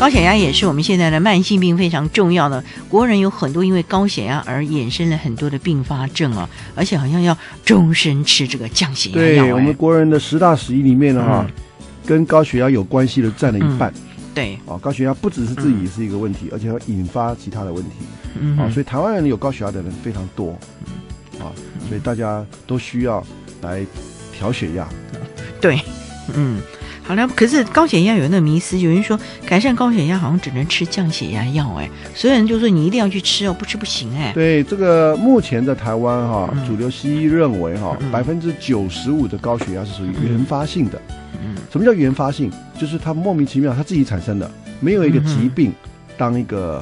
高血壓也是我們現在的慢性病，非常重要的。國人有很多因為高血壓而衍生了很多的併發症啊，而且好像要終身吃這個降血壓藥。對我們國人的十大死因裡面的話，嗯啊，跟高血壓有關係的占了一半。嗯，對，哦，啊，高血壓不只是自己是一個問題，嗯，而且會引發其他的問題。嗯，啊，所以台灣人有高血壓的人非常多，嗯，啊，所以大家都需要來調血壓。嗯，對，嗯。好了，可是高血壓有那個迷思，有人說改善高血壓好像只能吃降血壓藥，哎，所有人就說你一定要去吃哦，不吃不行，哎。對，這個目前在台灣哈、啊，嗯、哼主流西醫認為哈、啊，百分之九十五的高血壓是屬於原發性的。嗯哼，什麼叫原發性？就是它莫名其妙，它自己產生的，沒有一個疾病當一個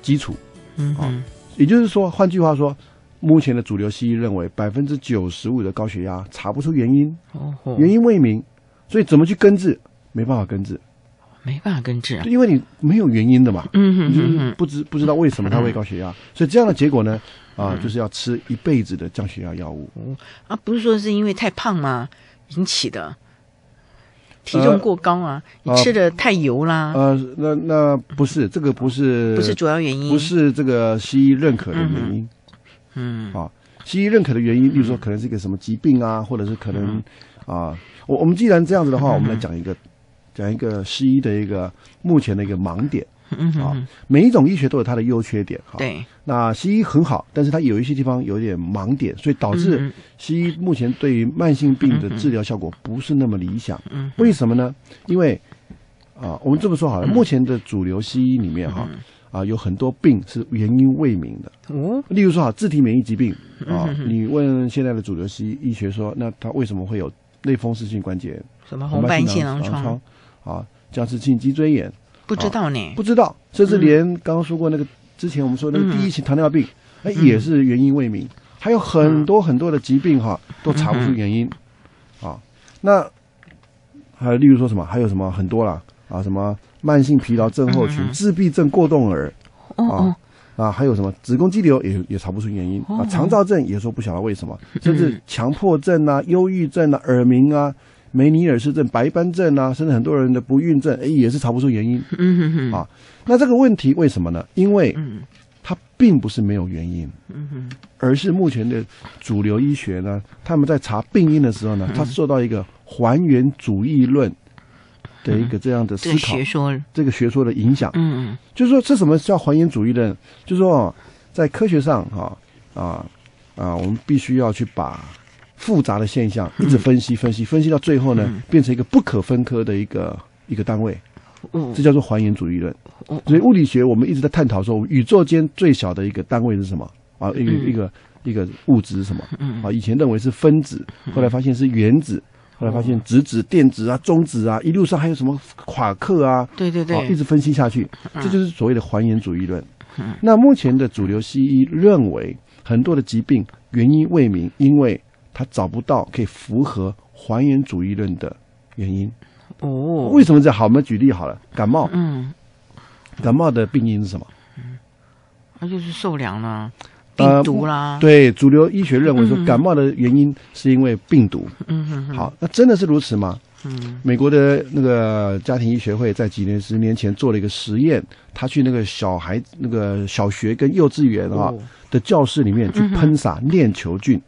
基礎。嗯哼啊，也就是說，換句話說，目前的主流西醫認為，百分之九十五的高血壓查不出原因，哦哦、原因未明。所以怎麼去根治？沒辦法根治，沒辦法根治啊！因為你沒有原因的嘛，嗯嗯嗯，你就不知不知道為什麼它會高血壓，所以這樣的結果呢，啊，就是要吃一輩子的降血壓藥物。嗯，啊，不是說是因為太胖嗎引起的？體重過高啊，你吃的太油啦。呃，那那不是這個不是不是主要原因，不是這個西醫認可的原因。嗯啊，西醫認可的原因，比如說可能是一個什麼疾病啊，或者是可能啊。我我們既然這樣子的話，嗯、哼我們來講一個講一個西醫的一個目前的一個盲點啊，嗯、哼每一種醫學都有它的優缺點哈。啊、對，那西醫很好，但是它有一些地方有點盲點，所以導致西醫目前對於慢性病的治療效果不是那麼理想。嗯哼，為什麼呢？因為啊，我們這麼說好了，目前的主流西醫裡面哈啊，嗯、哼啊，有很多病是原因未明的。嗯哼，例如說哈，自體免疫疾病啊，嗯、哼你問現在的主流西醫醫學說，那它為什麼會有？類風濕性關節炎，什麼紅斑性狼瘡，啊，僵直性脊椎炎，不知道呢，不知道，甚至連剛剛說過那個，之前我們說那個第一型糖尿病，那也是原因未明，還有很多很多的疾病哈，都查不出原因，啊，那還有例如說什麼，還有什麼很多啦啊，什麼慢性疲勞症候群、自閉症、過動兒，哦啊，還有什麼子宮肌瘤，也也查不出原因啊，腸躁症，也說不曉得為什麼，甚至強迫症啊、憂鬱症啊、耳鳴啊、梅尼爾氏症、白斑症啊，甚至很多人的不孕症，欸，也是查不出原因。嗯嗯嗯。啊，那這個問題為什麼呢？因為它並不是沒有原因，而是目前的主流醫學呢，他們在查病因的時候呢，他受到一個還原主義論。的一個這樣的思考，嗯、這個學說的影響，嗯嗯，就是說這什麼叫還原主義論？就是說在科學上，哈啊啊，我們必須要去把複雜的現象一直分析分析分析到最後呢，嗯、變成一個不可分割的一個一個單位，嗯，這叫做還原主義論。所以物理學我們一直在探討說，宇宙間最小的一個單位是什麼啊？一個一個、嗯、一個物質是什麼？啊，以前認為是分子，後來發現是原子。後來發現，質子、電子啊，中子啊，一路上還有什麼夸克啊，對對對、哦，一直分析下去，這就是所謂的還原主義論。嗯、那目前的主流西醫認為，很多的疾病原因未明，因為他找不到可以符合還原主義論的原因。哦，為什麼這樣？好，我們舉例好了，感冒，嗯，感冒的病因是什麼？嗯，那就是受涼了。病毒啦、呃，對，主流醫學認為說，感冒的原因是因為病毒。嗯嗯。好，那真的是如此嗎？嗯，美國的那個家庭醫學會在幾年十年前做了一個實驗，他去那個小孩那個小學跟幼稚園啊的，、哦、的教室裡面去噴灑鏈球菌。嗯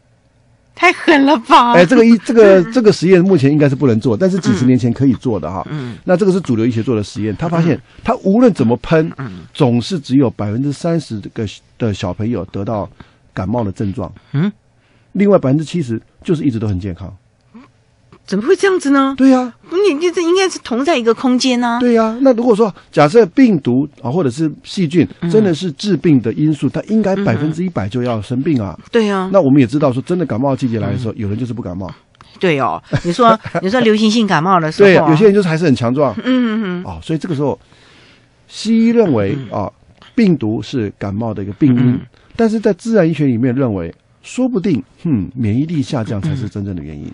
太狠了吧！哎、欸，這個醫，這個這個實驗目前應該是不能做，但是幾十年前可以做的、嗯、哈。嗯，那這個是主流醫學做的實驗，他發現他無論怎麼噴，總是只有百分之三十個的小朋友得到感冒的症狀。嗯，另外百分之七十就是一直都很健康。怎麼會這樣子呢？對呀，你你這應該是同在一個空間呢。對呀，那如果說假設病毒啊或者是細菌，真的是致病的因素，它應該百分之一百就要生病啊。對呀，那我們也知道說，真的感冒季節來的時候，有人就是不感冒。對哦，你說你說流行性感冒的時候，對呀，有些人就是還是很強壯。嗯嗯，啊，所以這個時候，西醫認為啊，病毒是感冒的一個病因，但是在自然醫學裡面認為，說不定，哼，免疫力下降才是真正的原因。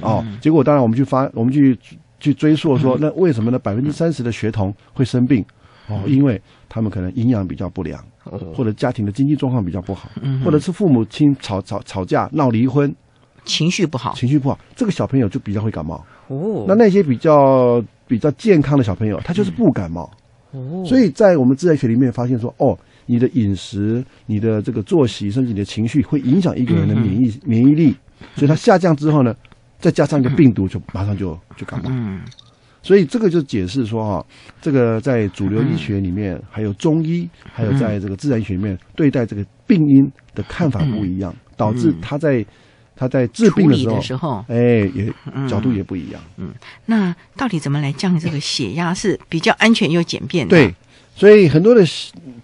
哦，結果當然我們去發，我們去去追溯說，那為什麼呢？百分之三十的學童會生病，哦，因為他們可能營養比較不良，呃，或者家庭的經濟狀況比較不好，嗯、哼或者是父母親吵吵吵，吵架鬧離婚，情緒不好，情緒不好，這個小朋友就比較會感冒。哦，那那些比較比較健康的小朋友，他就是不感冒。哦，嗯，所以在我們自然學裡面發現說，哦，你的飲食、你的這個作息，甚至你的情緒，會影響一個人的免疫、嗯、哼免疫力。所以它下降之後呢，再加上一個病毒，就馬上就就感冒。嗯，所以這個就解釋說，哈，這個在主流醫學裡面，還有中醫，還有在這個自然學裡面，對待這個病因的看法不一樣，導致他在他在治病的時候，哎，也角度也不一樣。嗯，那到底怎麼來降這個血壓是比較安全又簡便的？對，所以很多的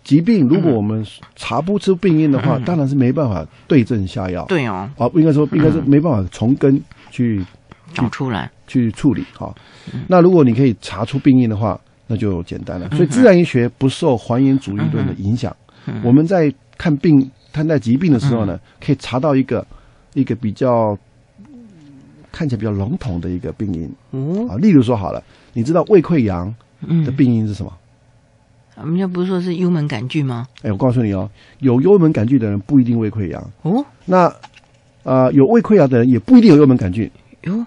疾病，如果我們查不出病因的話，當然是沒辦法對症下藥。對哦，啊，不應該說，應該是沒辦法從根。去，去找出來，去處理。好，哦嗯、那如果你可以查出病因的話，那就簡單了。嗯、哼所以自然醫學不受還原主義論的影響。嗯、哼我們在看病、看待疾病的時候呢，嗯、哼可以查到一個一個比較看起來比較籠統的一個病因、哦、啊，例如說好了，你知道胃潰瘍的病因是什麼？嗯啊、我們家不是說是幽門桿菌嗎？哎，我告訴你哦，有幽門桿菌的人不一定胃潰瘍哦。那啊、呃，有胃潰瘍的人也不一定有幽門桿菌喲，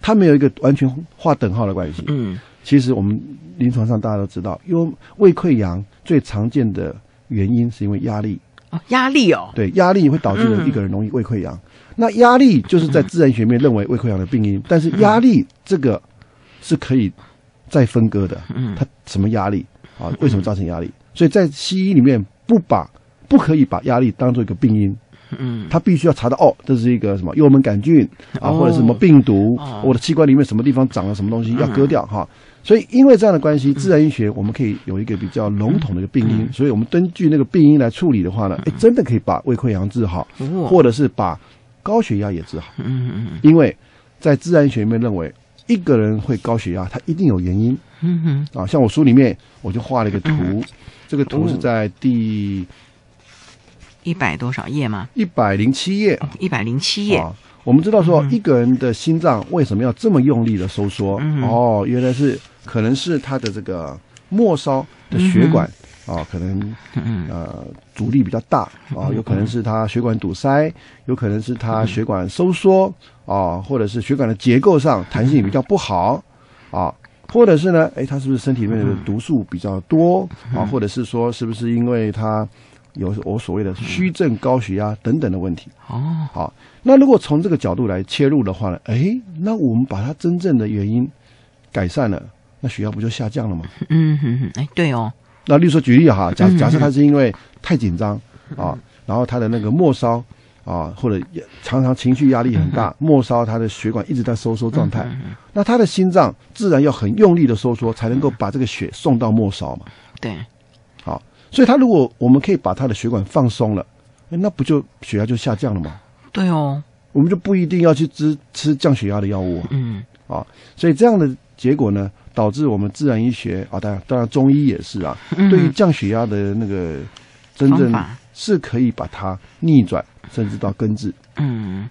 它沒有一個完全劃等號的關係。嗯，其實我們臨床上大家都知道，幽胃潰瘍最常見的原因是因為壓力，哦、壓力哦，壓力哦，對，壓力會導致一個人容易胃潰瘍。嗯、那壓力就是在自然學裡面認為胃潰瘍的病因，但是壓力這個是可以再分割的，它什麼壓力啊？為什麼造成壓力？所以在西醫裡面不把不可以把壓力當做一個病因。嗯，他必須要查到哦，這是一個什麼幽門桿菌啊，哦、或者是什麼病毒？哦、我的器官裡面什麼地方長了什麼東西要割掉哈、啊？所以因為這樣的關係，嗯、自然醫學我們可以有一個比較籠統的一個病因，嗯嗯、所以我們根據那個病因來處理的話呢，哎、嗯欸，真的可以把胃潰瘍治好，嗯、或者是把高血壓也治好。嗯嗯嗯，嗯嗯嗯因為在自然醫學裡面認為一個人會高血壓，他一定有原因。嗯嗯，啊，像我書裡面我就畫了一個圖，嗯嗯、這個圖是在第。一百多少頁嗎？一百零七頁。一百零七頁。啊，我們知道說，一個人的心臟為什麼要這麼用力的收縮？嗯、哼哦，原來是可能是他的這個末梢的血管，嗯、哼啊，可能呃阻力比較大啊，有可能是他血管堵塞，嗯、哼有可能是他血管收縮啊，或者是血管的結構上彈性比較不好啊，或者是呢，哎，他是不是身體裡面的毒素比較多，嗯、哼啊？或者是說，是不是因為他？有我所謂的虛症高血壓等等的問題哦，好、啊，那如果從這個角度來切入的話呢，哎，那我們把它真正的原因改善了，那血壓不就下降了嗎？嗯哼哼，哎、嗯嗯欸，對哦。那例如說舉例哈、啊，假假設他是因為太緊張啊，嗯、然後他的那個末梢啊，或者也常常情緒壓力很大，嗯、哼末梢他的血管一直在收縮狀態，嗯、哼那他的心臟自然要很用力的收縮，才能夠把這個血送到末梢嘛。對。所以，他如果我們可以把他的血管放鬆了，那不就血壓就下降了嗎？對哦，我們就不一定要去吃吃降血壓的藥物啊。嗯啊，所以這樣的結果呢，導致我們自然醫學啊，當然當然中醫也是啊，嗯，對於降血壓的那個真正是可以把它逆轉，法甚至到根治。嗯，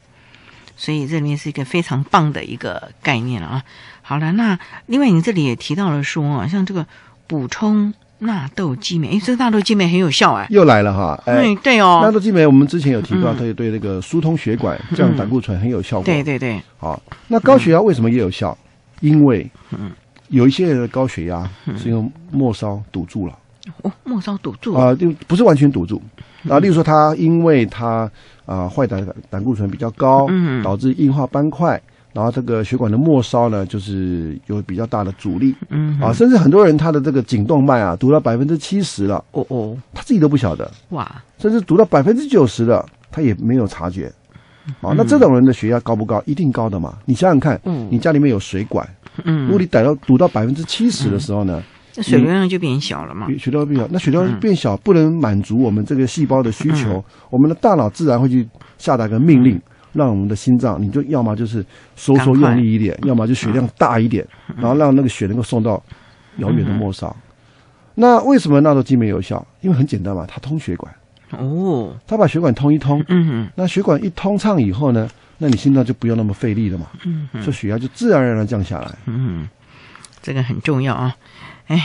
所以這裡面是一個非常棒的一個概念啊。好了，那另外你這裡也提到了說啊，像這個補充。納豆激酶，哎，這個納豆激酶很有效哎、啊，又來了哈，對、嗯、對哦，納豆激酶，我們之前有提到，它也對那個疏通血管、降膽固醇很有效果，對對對，好，嗯、那高血壓為什麼也有效？因為有一些人的高血壓是因為末梢堵住了，哦，末梢堵住啊，就、呃、不是完全堵住，啊、呃，例如說他因為他啊、呃、壞膽膽固醇比較高，導致硬化斑塊。嗯嗯然後這個血管的末梢呢，就是有比較大的阻力，啊，甚至很多人他的這個頸動脈啊堵到百分之七十了，哦哦，他自己都不曉得，哇，甚至堵到百分之九十了，他也沒有察覺，啊，那這種人的血壓高不高？一定高的嘛，你想想看，你家裡面有水管，嗯，如果你逮到堵到百分之七十的時候呢，那血流量就變小了嘛，血流量變小，那血流量變小不能滿足我們這個細胞的需求，我們的大腦自然會去下達個命令。讓我們的心臟，你就要麼就是收縮，縮用力一點，快要麼就血量大一點，嗯、然後讓那個血能夠送到遙遠的末梢。嗯、哼那為什麼納豆激酶有效？因為很簡單嘛，它通血管。哦，它把血管通一通，嗯哼，那血管一通暢以後呢，那你心臟就不用那麼費力了嘛，嗯哼，所以血壓就自然而然降下來。嗯哼，這個很重要啊，哎。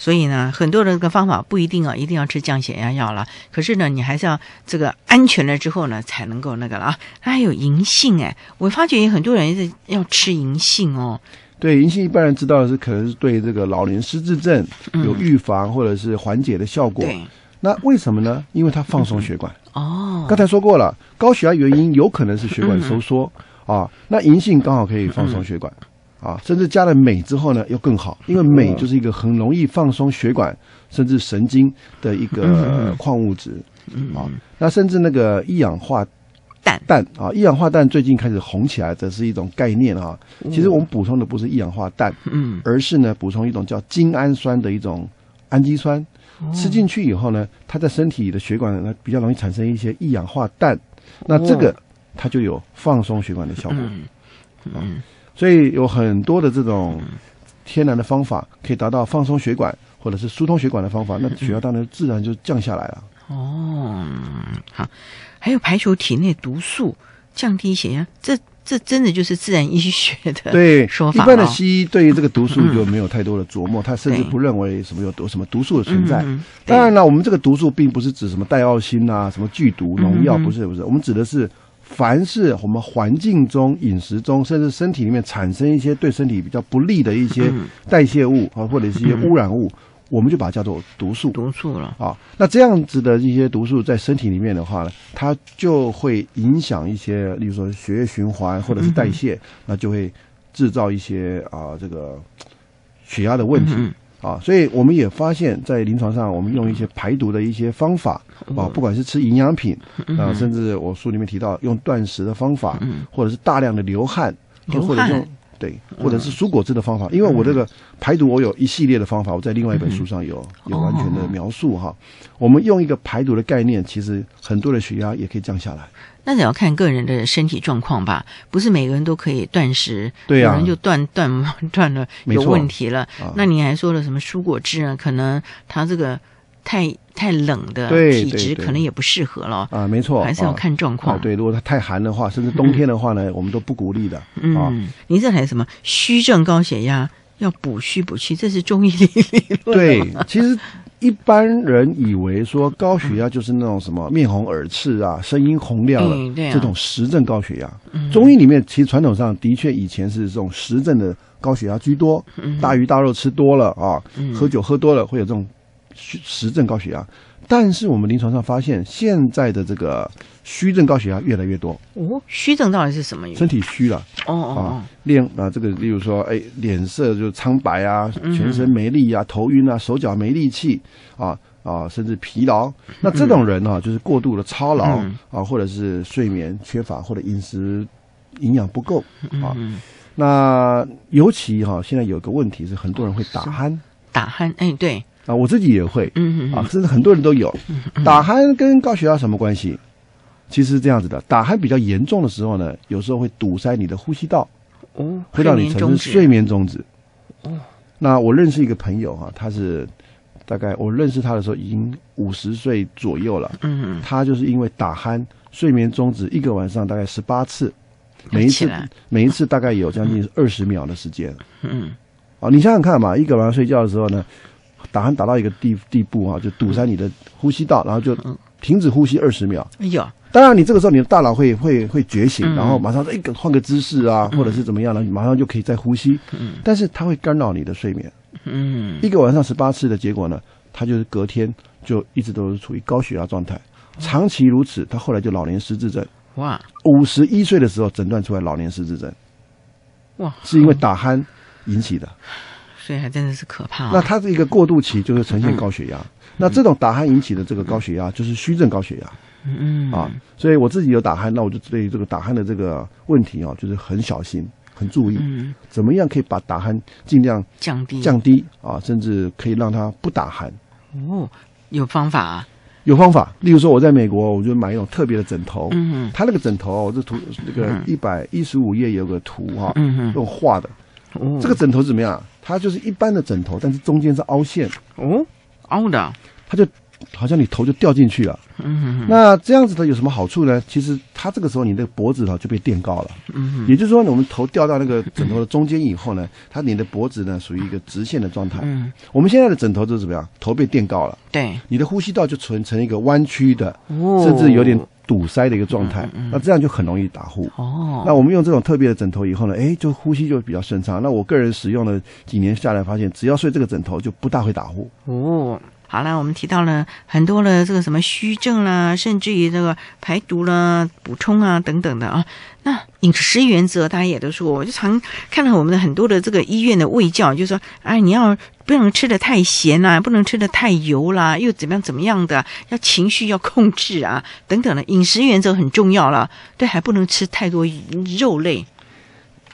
所以呢，很多人的方法不一定啊，一定要吃降血壓藥了。可是呢，你還是要這個安全了之後呢，才能夠那個了啊。它還有銀杏哎，我發覺很多人是要吃銀杏哦。對，銀杏一般人知道的是可能是對這個老年失智症有預防或者是緩解的效果。對、嗯。那為什麼呢？因為它放鬆血管。嗯、哦。剛才說過了，高血壓原因有可能是血管收縮嗯嗯啊。那銀杏剛好可以放鬆血管。嗯嗯啊，甚至加了鎂之後呢，又更好，因為鎂就是一個很容易放鬆血管嗯嗯嗯，甚至神經的一個、呃、礦物質。嗯。啊，那甚至那個一氧化氮，啊，一氧化氮最近開始紅起來的是一種概念啊。其實我們補充的不是一氧化氮，嗯，而是呢補充一種叫精氨酸的一種氨基酸。吃進去以後呢，它在身體裡的血管呢比較容易產生一些一氧化氮。那這個它就有放鬆血管的效果。嗯、啊。所以有很多的這種天然的方法，可以達到放鬆血管或者是疏通血管的方法，那血壓當然自然就降下來了。嗯嗯、哦，好，還有排除體內毒素，降低血壓，這這真的就是自然醫學的對，說法、哦。一般的西醫對於這個毒素就沒有太多的琢磨，他、嗯嗯、甚至不認為什麼有毒、什麼毒素的存在。嗯嗯嗯、當然了，我們這個毒素並不是指什麼戴奧辛啊，什麼劇毒農藥，不是、嗯嗯、不是、不是，我們指的是。凡是我們環境中、飲食中，甚至身體裡面產生一些對身體比較不利的一些代謝物啊，或者是一些污染物，我們就把它叫做毒素。毒素了啊，那這樣子的一些毒素在身體裡面的話呢，它就會影響一些，例如說血液循環或者是代謝，那就會制造一些啊這個血壓的問題。啊，所以我們也發現，在臨床上，我們用一些排毒的一些方法啊，不管是吃營養品啊，甚至我書裡面提到用斷食的方法，或者是大量的流汗，或者用。對，或者是蔬果汁的方法，因為我這個排毒，我有一系列的方法，嗯、我在另外一本書上有，嗯、有完全的描述哈。哦、我們用一個排毒的概念，其實很多的血壓也可以降下來。那你要看個人的身體狀況吧，不是每個人都可以斷食，對啊，有人就斷斷斷了沒錯，有問題了。那你還說了什麼蔬果汁啊？可能它這個。太太冷的體質可能也不適合了啊，沒錯，還是要看狀況。對，如果它太寒的話，甚至冬天的話呢，我們都不鼓勵的啊。您這還有什麼虛症高血壓，要補虛補氣，這是中醫理論。對，其實一般人以為說高血壓就是那種什麼面紅耳赤啊，聲音洪亮了這種實症高血壓。中醫裡面其實傳統上的確以前是這種實症的高血壓居多，大魚大肉吃多了啊，喝酒喝多了會有這種。虛實症高血壓，但是我們臨床上發現，現在的這個虛症高血壓越來越多哦。虛症到底是什麼意思？身體虛了哦哦哦，臉啊，這個，例如說，哎，臉色就蒼白啊，全身沒力啊，嗯、頭暈啊，手腳沒力氣啊啊，甚至疲勞。嗯、那這種人呢、啊，就是過度的操勞、嗯、啊，或者是睡眠缺乏，或者飲食營養不夠啊。嗯嗯那尤其哈、啊，現在有個問題是，很多人會打鼾，打鼾，哎，對。啊，我自己也會，啊，甚至很多人都有。嗯嗯、打鼾跟高血壓什麼關係？嗯嗯、其實是這樣子的，打鼾比較嚴重的時候呢，有時候會堵塞你的呼吸道，哦，會讓你產生睡眠中止。哦，那我認識一個朋友哈，啊，他是大概我認識他的時候已經五十歲左右了，嗯，嗯他就是因為打鼾睡眠中止，一個晚上大概十八次，每一次來每一次大概有將近二十秒的時間，嗯，嗯啊，你想想看嘛，一個晚上睡覺的時候呢。打鼾打到一個地地步哈，啊，就堵塞你的呼吸道，嗯、然後就停止呼吸二十秒。哎喲、嗯、當然你這個時候你的大腦會會會覺醒，嗯、然後馬上一個換個姿勢啊，嗯、或者是怎麼樣呢？馬上就可以再呼吸。嗯、但是它會干擾你的睡眠。嗯，一個晚上十八次的結果呢，他就是隔天就一直都是處於高血壓狀態，長期如此，他後來就老年失智症。哇，五十一歲的時候診斷出來老年失智症。哇，是因為打鼾引起的。對，還真的是可怕，啊。那它是一個過渡期，就是呈現高血壓。嗯嗯，那這種打鼾引起的這個高血壓，就是虛症高血壓。嗯嗯。啊，所以我自己有打鼾，那我就對於這個打鼾的這個問題啊，就是很小心、很注意，嗯、怎麼樣可以把打鼾盡量降低、降低啊，甚至可以讓它不打鼾。哦，有方法啊？有方法，例如說我在美國，我就買一種特別的枕頭。嗯嗯哼。它那個枕頭，啊，我這圖那個一百一十五頁有個圖哈、啊，嗯嗯哼，用畫的。這個枕頭怎麼樣？它就是一般的枕頭，但是中間是凹陷。哦，凹的，它就好像你頭就掉進去了。嗯哼哼，那這樣子的有什麼好處呢？其實它這個時候你的脖子呢就被墊高了。嗯哼，也就是說我們頭掉到那個枕頭的中間以後呢，它你的脖子呢屬於一個直線的狀態。嗯，我們現在的枕頭就是怎麼樣？頭被墊高了。對，你的呼吸道就存成一個彎曲的，甚至有點。堵塞的一個狀態，那這樣就很容易打呼。嗯嗯、那我們用這種特別的枕頭以後呢，哎，就呼吸就比較順暢。那我個人使用了幾年下來，發現只要睡這個枕頭，就不大會打呼。哦。好了，我們提到了很多的這個什麼虛症啦，甚至於這個排毒啦、補充啊等等的啊。那飲食原則，大家也都說，我就常看到我們的很多的這個醫院的衛教，就說，哎，你要不能吃得太鹹啦，啊，不能吃得太油啦，又怎麼樣怎麼樣的，要情緒要控制啊，等等的，飲食原則很重要了。對，還不能吃太多肉類。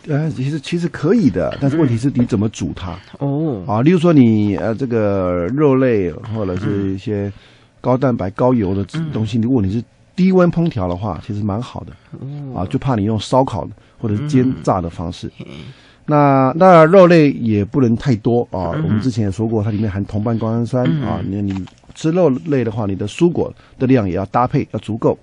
呃，其實其實可以的，但是問題是你怎麼煮它。哦，啊，例如說你呃這個肉類或者是一些高蛋白高油的東西，如果你是低溫烹調的話，其實蠻好的。嗯，啊，就怕你用燒烤或者煎炸的方式。那那肉類也不能太多啊，嗯、哼我們之前也說過，它裡面含同半胱氨酸，嗯、哼啊。那你，你吃肉類的話，你的蔬果的量也要搭配，要足夠。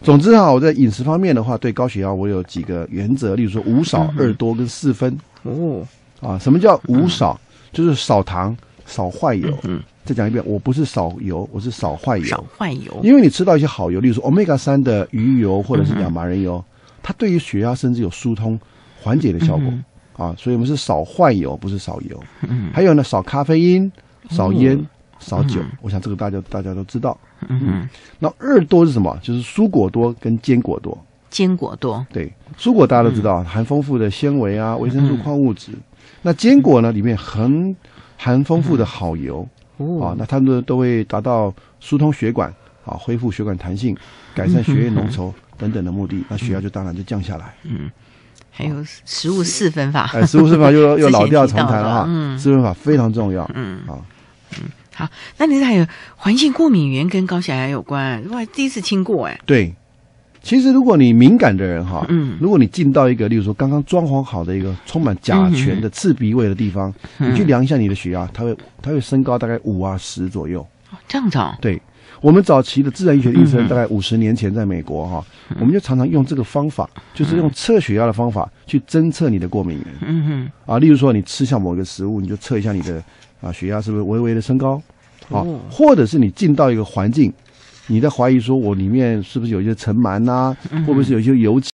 總之哈、啊，我在飲食方面的話，對高血壓我有幾個原則，例如說五少二多跟四分。哦、嗯哼，啊，什麼叫五少？嗯、哼就是少糖、少壞油。嗯哼，再講一遍，我不是少油，我是少壞油。少壞油，因為你吃到一些好油，例如說 Omega 三的魚油或者是亞麻仁油，嗯、哼它對於血壓甚至有疏通緩解的效果。嗯啊，所以我們是少壞油，不是少油。嗯、還有呢，少咖啡因，少煙，嗯、少酒。我想這個大家大家都知道。嗯、嗯，那二多是什麼？就是蔬果多跟堅果多。堅果多。對，蔬果大家都知道，嗯、含豐富的纖維啊、維生素、礦物質。嗯、那堅果呢，裡面含含豐富的好油哦、嗯啊，那它們都會達到疏通血管、啊，恢復血管彈性、改善血液濃稠等等的目的。嗯、那血壓就當然就降下來。嗯。還有食物四分法，哦、分法哎，食物四分法又又老調重彈了哈，嗯，四分哈、嗯、法非常重要，嗯，好、啊，嗯，好，那你這還有環境過敏原跟高血壓有關，我還第一次聽過哎、欸，對，其實如果你敏感的人哈，嗯，如果你進到一個，例如說剛剛裝潢好的一個充滿甲醛的、嗯、刺鼻味的地方，你去量一下你的血壓，它會它會升高大概五啊十左右、哦，這樣子哦。對。我們早期的自然醫學醫生，大概五十年前在美國哈，嗯、哼我們就常常用這個方法，嗯、哼就是用測血壓的方法去偵測你的過敏原。嗯哼。啊，例如說你吃下某個食物，你就測一下你的啊血壓是不是微微的升高，嗯、哼啊，或者是你進到一個環境，你在懷疑說我裡面是不是有一些塵蟎吶，會、嗯、哼不會是有一些油脂？